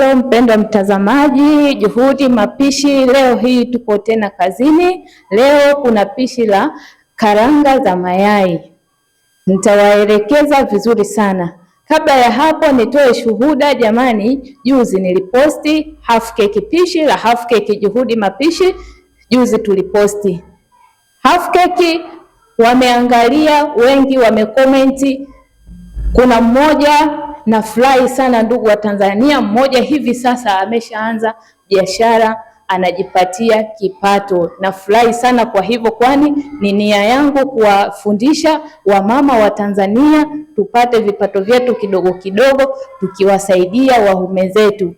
Hello mpendwa mtazamaji, Juhudi Mapishi. Leo hii tuko tena kazini. Leo kuna pishi la karanga za mayai, nitawaelekeza vizuri sana. Kabla ya hapo, nitoe shuhuda jamani. Juzi niliposti half cake, pishi la half cake Juhudi Mapishi. Juzi tuliposti half cake, wameangalia wengi, wamekomenti. Kuna mmoja Nafurahi sana ndugu wa Tanzania, mmoja hivi sasa ameshaanza biashara anajipatia kipato. Nafurahi sana kwa hivyo, kwani ni nia yangu kuwafundisha wamama wa Tanzania tupate vipato vyetu kidogo kidogo, tukiwasaidia waume zetu.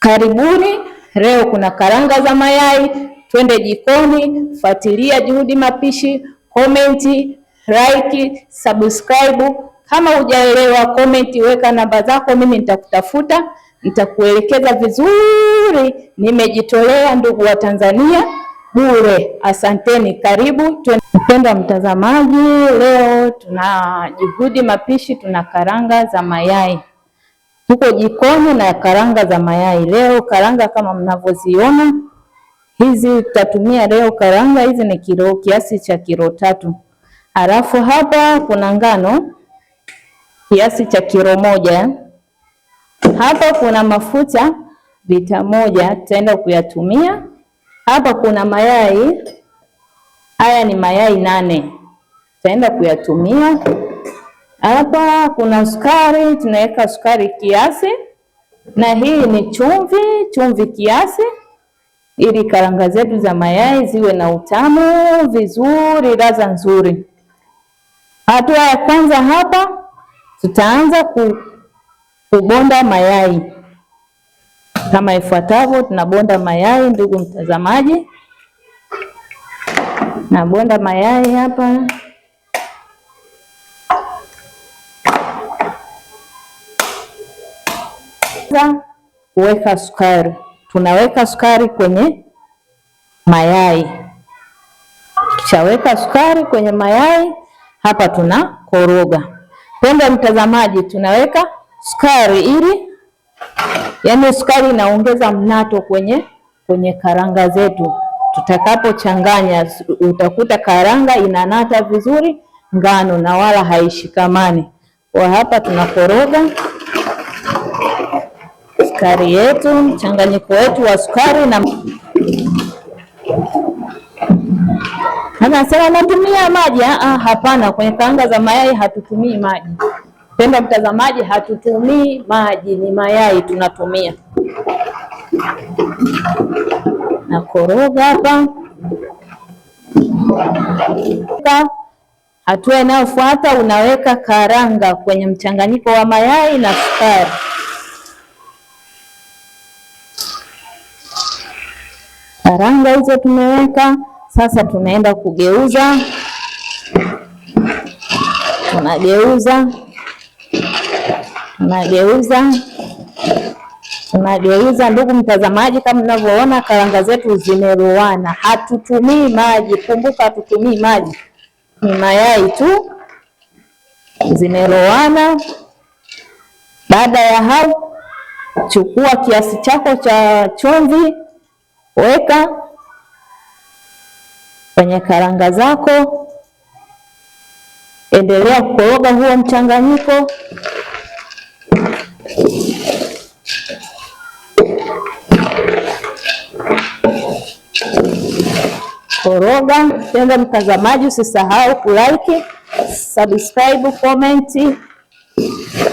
Karibuni, leo kuna karanga za mayai, twende jikoni. Fuatilia Juhudi Mapishi, komenti, like, subscribe kama hujaelewa comment, weka namba zako, mimi nitakutafuta, nitakuelekeza vizuri. Nimejitolea ndugu wa Tanzania bure. Asanteni, karibu. Mpendwa mtazamaji, leo tuna juhudi mapishi, tuna karanga za mayai. Tuko jikoni na karanga za mayai leo. Karanga kama mnavyoziona hizi, tutatumia leo karanga hizi ni kilo kiasi cha kilo tatu. alafu hapa kuna ngano kiasi cha kilo moja. Hapa kuna mafuta lita moja tutaenda kuyatumia. Hapa kuna mayai, haya ni mayai nane tutaenda kuyatumia. Hapa kuna sukari, tunaweka sukari kiasi, na hii ni chumvi, chumvi kiasi, ili karanga zetu za mayai ziwe na utamu vizuri, ladha nzuri. Hatua ya kwanza hapa Tutaanza ku, kubonda mayai kama ifuatavyo. Tunabonda mayai, ndugu mtazamaji, nabonda mayai hapa kuweka sukari. Tunaweka sukari kwenye mayai, kishaweka sukari kwenye mayai hapa tunakoroga Pendwa mtazamaji, tunaweka sukari ili yaani, sukari inaongeza mnato kwenye kwenye karanga zetu. Tutakapochanganya utakuta karanga inanata vizuri ngano na wala haishikamani. Kwa hapa tunakoroga sukari yetu, mchanganyiko wetu wa sukari na Anasema natumia maji. Ah, ah hapana, kwenye karanga za mayai hatutumii maji. Penda mtazamaji, hatutumii maji, ni mayai tunatumia. Nakoroga hapa. Hatua inayofuata unaweka karanga kwenye mchanganyiko wa mayai na sukari. Karanga hizo tumeweka sasa tunaenda kugeuza, tunageuza, tunageuza, tunageuza. Ndugu mtazamaji, kama mnavyoona karanga zetu zimelowana, hatutumii maji. Kumbuka hatutumii maji, ni mayai tu, zimelowana. Baada ya hapo, chukua kiasi chako cha chumvi, weka kwenye karanga zako, endelea kukoroga huo mchanganyiko koroga. tena, mtazamaji, usisahau kulike, subscribe, comment,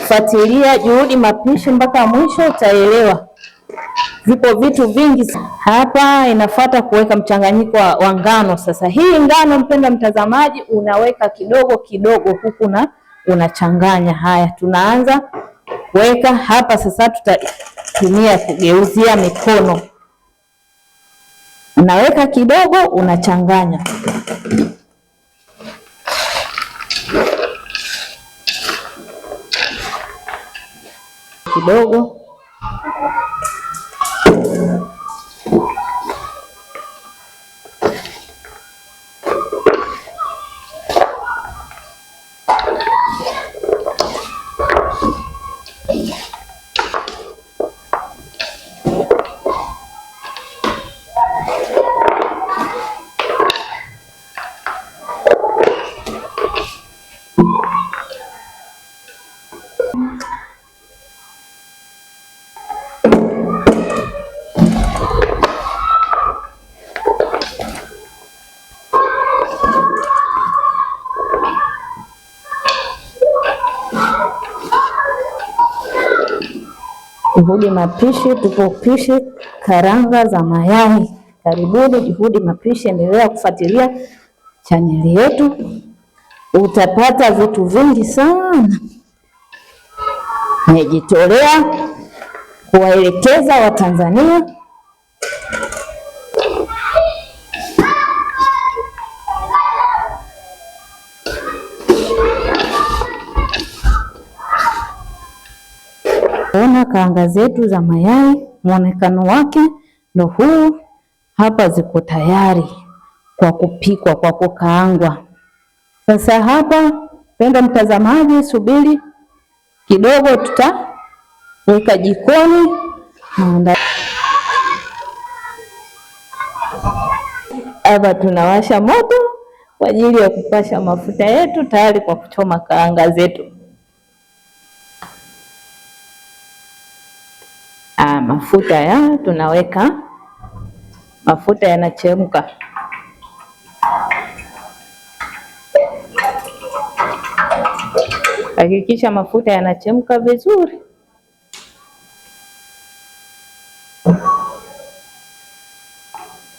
fuatilia Juhudi Mapishi mpaka mwisho, utaelewa. Vipo vitu vingi hapa. Inafuata kuweka mchanganyiko wa ngano. Sasa hii ngano, mpenda mtazamaji, unaweka kidogo kidogo huku na unachanganya. Haya, tunaanza kuweka hapa sasa. Tutatumia kugeuzia mikono, unaweka kidogo, unachanganya kidogo えっ Juhudi Mapishi, tupo upishi karanga za mayai. Karibuni Juhudi Mapishi, endelea kufuatilia chaneli yetu, utapata vitu vingi sana. Nimejitolea kuwaelekeza Watanzania kaanga zetu za mayai, muonekano wake ndo huu hapa, ziko tayari kwa kupikwa, kwa kukaangwa. Sasa hapa, penda mtazamaji, subiri kidogo, tutaweka jikoni Manda. Hapa tunawasha moto kwa ajili ya kupasha mafuta yetu tayari kwa kuchoma kaanga zetu. mafuta ya tunaweka, mafuta yanachemka. Hakikisha mafuta yanachemka vizuri.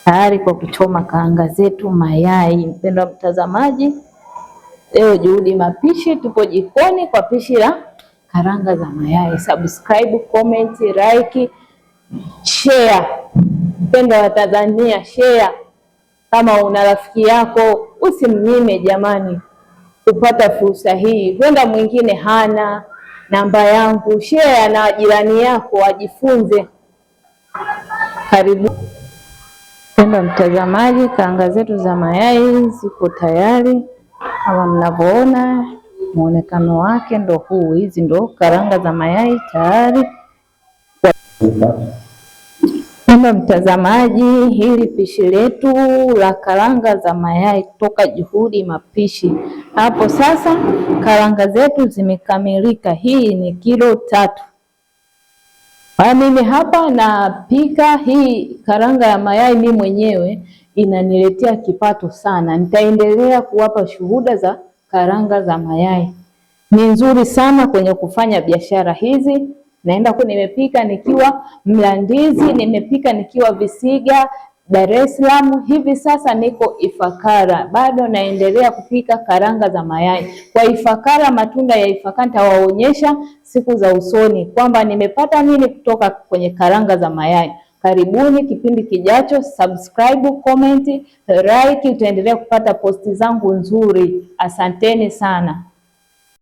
Tayari kwa kuchoma kaanga zetu mayai. Mpendwa mtazamaji, leo Juhudi Mapishi tupo jikoni kwa pishi la karanga za mayai. Subscribe, comment, like share pendo wa Tanzania, share. Kama una rafiki yako usimnyime jamani kupata fursa hii, huenda mwingine hana namba yangu. Share na jirani yako ajifunze. Karibu pendo mtazamaji, karanga zetu za mayai ziko tayari kama mnavyoona, muonekano wake ndo huu. Hizi ndo karanga za mayai tayari. Kama mtazamaji, hili pishi letu la karanga za mayai kutoka Juhudi Mapishi. Hapo sasa karanga zetu zimekamilika. Hii ni kilo tatu. Kwa ah, mimi hapa napika hii karanga ya mayai mimi mwenyewe, inaniletea kipato sana. Nitaendelea kuwapa shuhuda za karanga za mayai, ni nzuri sana kwenye kufanya biashara hizi naenda huko, nimepika nikiwa Mlandizi, nimepika nikiwa Visiga, Dar es Salaam. Hivi sasa niko Ifakara, bado naendelea kupika karanga za mayai kwa Ifakara. Matunda ya Ifakara nitawaonyesha siku za usoni kwamba nimepata nini kutoka kwenye karanga za mayai. Karibuni kipindi kijacho, subscribe, comment, like, utaendelea kupata posti zangu nzuri. Asanteni sana.